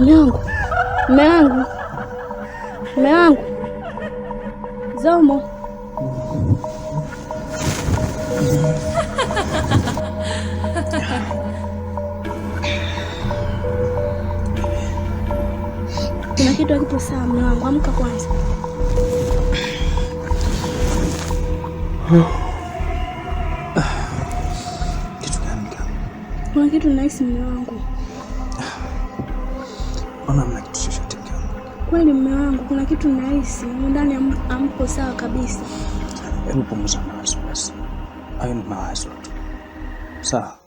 Mume wangu, mume wangu, mume wangu, Zomo. Kuna kitu hakipo sawa, mume wangu, amka kwanza. Kitu gani? Kuna kitu nahisi mume wangu Mbona mna kitu chochote? Kweli mme wangu, kuna kitu nahisi ndani amko sawa kabisa. Hebu punguza mawazo basi, hayo ni mawazo tu, sawa?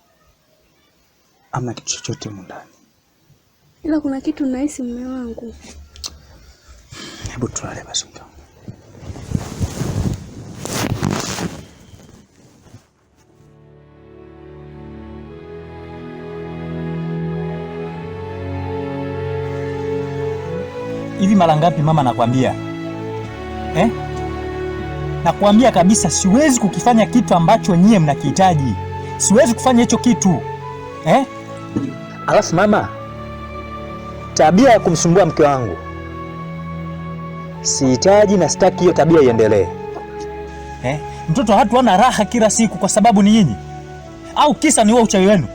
Amna kitu chochote mundani, ila kuna kitu nahisi mme wangu. Hebu tulale basi mkangu. Hivi mara ngapi mama nakwambia eh? Nakwambia kabisa siwezi kukifanya kitu ambacho nyie mnakihitaji, siwezi kufanya hicho kitu eh? Alafu mama, tabia ya kumsumbua mke wangu sihitaji na sitaki hiyo tabia iendelee eh? Mtoto hatu ana raha kila siku kwa sababu ni nyinyi, au kisa ni huo uchawi wenu?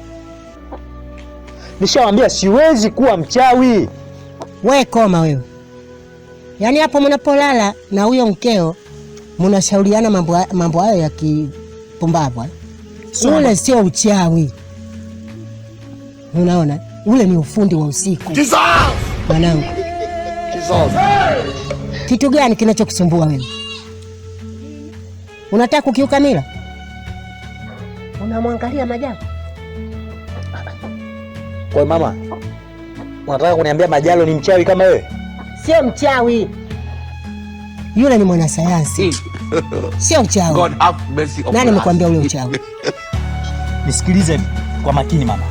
Nishawaambia siwezi kuwa mchawi. We koma wewe Yaani hapo mnapolala na huyo mkeo mnashauriana mambo mambo hayo ya kipumbavu. Eh? Ule sio uchawi. Unaona? Ule ni ufundi wa usiku. Mwanangu. Kitu gani kinachokusumbua wewe? Unataka kukiuka mila? Unamwangalia Majalo. Kwa mama, unataka kuniambia Majalo ni mchawi kama wewe? sio mchawi, yule ni mwanasayansi hmm. sio mchawi. Nani amekwambia ule uchawi? Nisikilize kwa makini mama,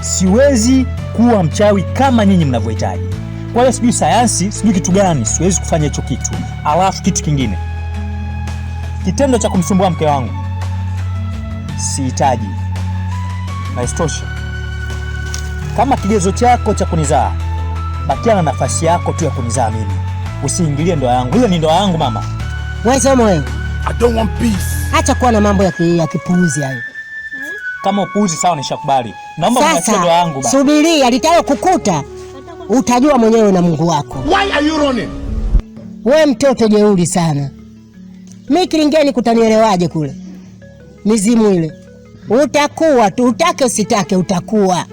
siwezi kuwa mchawi kama nyinyi mnavyohitaji. Kwa hiyo sijui sayansi, sijui kitu gani, siwezi kufanya hicho kitu. Alafu kitu kingine, kitendo cha kumsumbua mke wangu sihitaji. Na kama kigezo chako cha kunizaa bakia na nafasi yako tu ya kunizaa mimi, usiingilie ndoa yangu. Hiyo ni ndoa yangu mama. Wewe sema wewe, I don't want peace. Acha kuwa na mambo ya kipuuzi hayo. Kama upuuzi sawa, nishakubali. Naomba mwache ndoa yangu baba. Subiri alitayo kukuta utajua mwenyewe na Mungu wako. Why are you running? We mtoto jeuri sana. Mi kilingeni kutanielewaje kule mizimu ile? Utakuwa tu utake usitake, utakuwa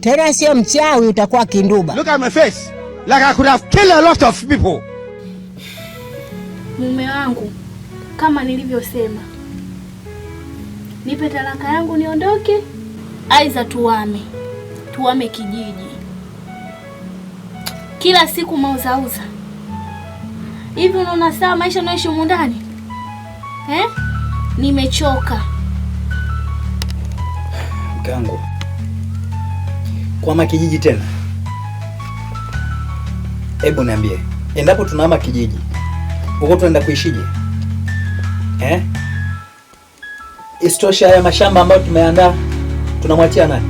tena sio mchawi, utakuwa kinduba. Look at my face. Like I could have killed a lot of people. Mume wangu, kama nilivyosema, nipe talaka yangu niondoke, aiza tuame tuame kijiji, kila siku mauzauza hivi. Unaona sawa maisha unaoishi humu ndani eh? Nimechoka mkangu kuhama kijiji tena? Hebu niambie, endapo tunahama kijiji huko tunaenda kuishije eh? Isitoshe, haya mashamba ambayo tumeandaa tunamwachia nani?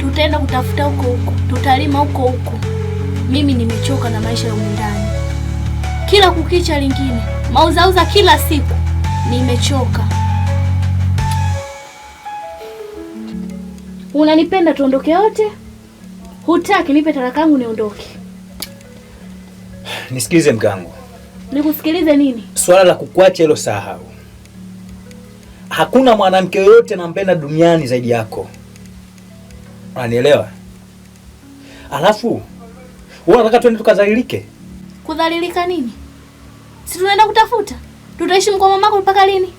Tutaenda kutafuta huko huko, tutalima huko huko. Mimi nimechoka na maisha ya umundani, kila kukicha lingine mauzauza, kila siku nimechoka. Unanipenda tuondoke wote, hutaki nipe talaka yangu niondoke. Nisikilize mkangu. Nikusikilize nini? Swala la kukuacha hilo sahau. Hakuna mwanamke yoyote nampenda duniani zaidi yako, unanielewa? Alafu wewe unataka twende tukadhalilike? Kudhalilika nini? Si tunaenda kutafuta, tutaishi kwa mamako mpaka lini?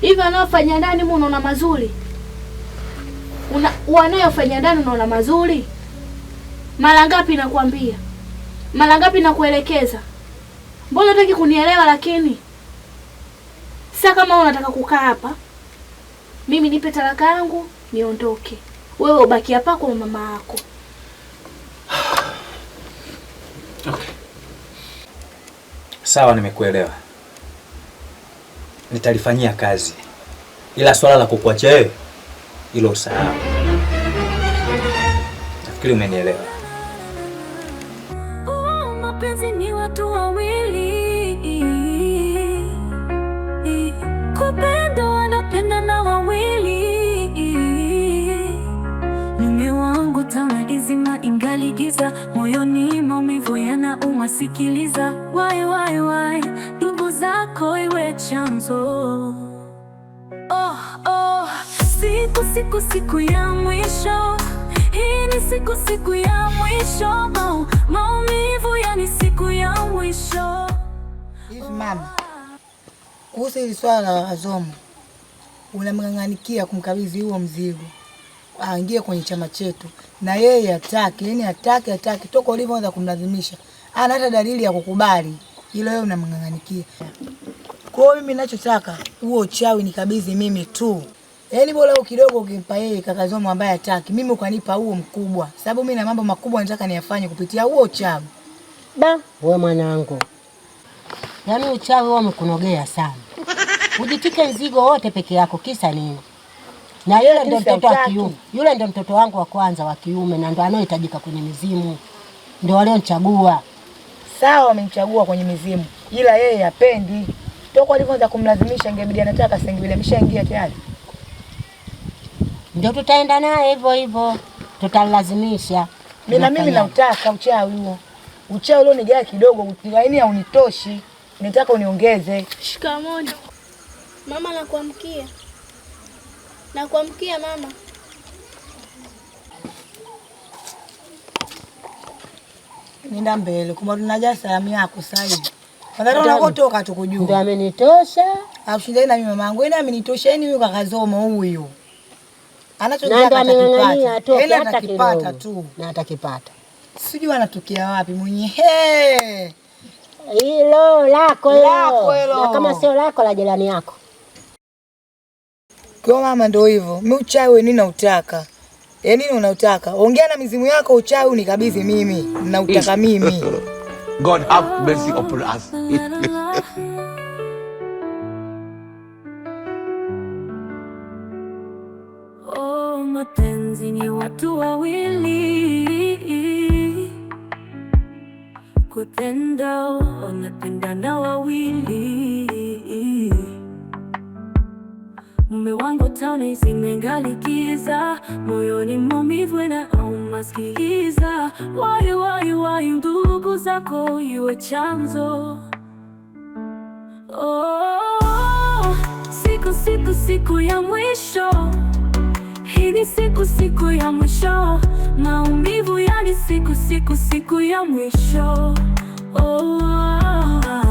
Hivyo anaofanya ndani mbona na mazuri wanayofanya ndani unaona mazuri? Mara ngapi nakwambia, mara ngapi nakuelekeza? Mbona unataka kunielewa? Lakini sasa kama unataka kukaa hapa, mimi nipe talaka yangu niondoke, wewe ubaki hapa kwa mama yako. Okay. Sawa, nimekuelewa, nitalifanyia kazi, ila swala la kukuacha wewe ilo usahau. Nafikiri umenielewa. Oh, mapenzi ni watu wawili, kupenda wanapenda na wawili. Mume wangu tana izima, ingali giza moyoni, maumivu yanauma. Sikiliza wae wae wae, ndugu zako iwe chanzo. oh, oh siku siku siku ya mwisho, hii ni siku siku ya mwisho mau, maumivu ni siku ya mwisho. Hivi mama, kuhusu hili swala la Azomo, unamng'ang'anikia kumkabidhi huo mzigo aingie kwenye chama chetu, na yeye hataki, yani hataki, hataki toka ulivyoanza kumlazimisha, ana hata dalili ya kukubali ilo, wewe unamng'ang'anikia. Kwa hiyo mimi ninachotaka huo uchawi nikabidhi mimi tu. Yaani bora kidogo ukimpa yeye kaka Zomo ambaye hataki. Mimi ukanipa huo mkubwa. Sababu mimi na mambo makubwa nataka niyafanye kupitia huo uchawi. Da, wewe mwanangu. Yaani uchawi wao umekunogea sana. Ujitike mzigo wote peke yako kisa nini? Na yule ndo mtoto wa kiume. Yule ndio mtoto wangu wa kwanza wa kiume na ndio anaohitajika kwenye mizimu. Ndio walionichagua. Sawa, wamenichagua kwenye mizimu. Ila yeye hapendi. Toko alivyoanza kumlazimisha ingebidi anataka singebidi ameshaingia tayari ndio tutaenda naye hivyo hivyo, tutalazimisha. Mimi na mimi nautaka uchawi huo, uchawi ulionijaa kidogo, yaani haunitoshi, nitaka uniongeze. Shikamoni mama, nakuamkia, nakuamkia mama. Nenda mbele, kumbe tunaja salamu yako saizi anakotoka tukujua, ndio amenitosha. Aushindani na mimi mamangu, ina yaani amenitosha, yani huyu kakazoma huyu anachotaka ameng'ang'ania atoke, hata atakipata tu na atakipata, sijui anatokea wapi mwenye Hilo lako hilo, na kama sio lako la jirani yako. Kwa mama, ndio hivyo. Mimi uchawi nini nautaka E, nini unautaka? Ongea na mizimu yako, uchawi unikabidhi mimi, nautaka mimi. God have mercy upon us. watu wawili kupenda, wanapendana wawili. Mume wangu tauni zimengali giza, moyoni maumivu na umasikiliza. Wai wai wai, ndugu zako iwe chanzo oh, siku siku siku ya mwisho Baridi siku siku ya mwisho, maumivu yali siku siku siku ya mwisho oh. Ah.